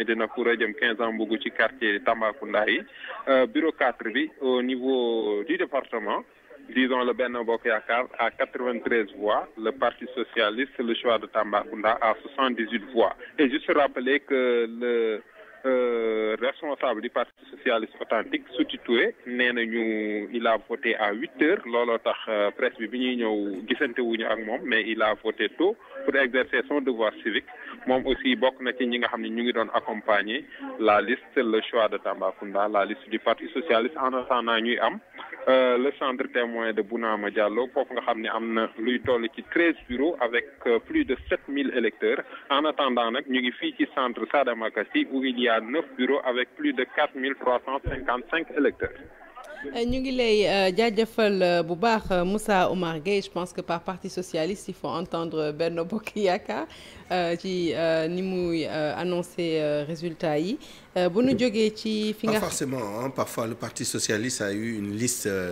Médina Koura jëm 15 ans Mbougou ci quartier Tambacounda yi euh, bureau 4 bi au niveau du département disons le Benno Bokk Yaakaar à 93 voix le Parti socialiste le choix de Tambacounda à 78 voix et juste rappeler que le Euh, responsable du parti socialiste authentique Souti Touré nee nañu il a voté à huit heures looloo tax euh, presse bi bi ñuy ñëw gisantewuñu ak moom mais il a voté tôt pour exercer son devoir civique moom aussi bokk na ci ñi nga xam ne ñu ngi doon accompagner la liste le choix de Tambacounda la liste du parti socialiste en attendant ñuy am Euh, le centre témoin de Bounama Diallo foofu nga xam ne am na luy toll ci treize avec euh, plus de sept mille électeurs en attendant nag ñu ngi fii ci centre sa où il y a neuf avec plus de quatre mille trois électeurs. Euh, ñu ngi lay jaajëfal bu baax mussa Omar Gueye je pense que par parti socialiste il faut entendre benn Bokk Yaakaar ci ni muy annoncer résultats yi bu nu mm-hmm. jógee ci. fi nga forcément parfois le parti socialiste a eu une liste.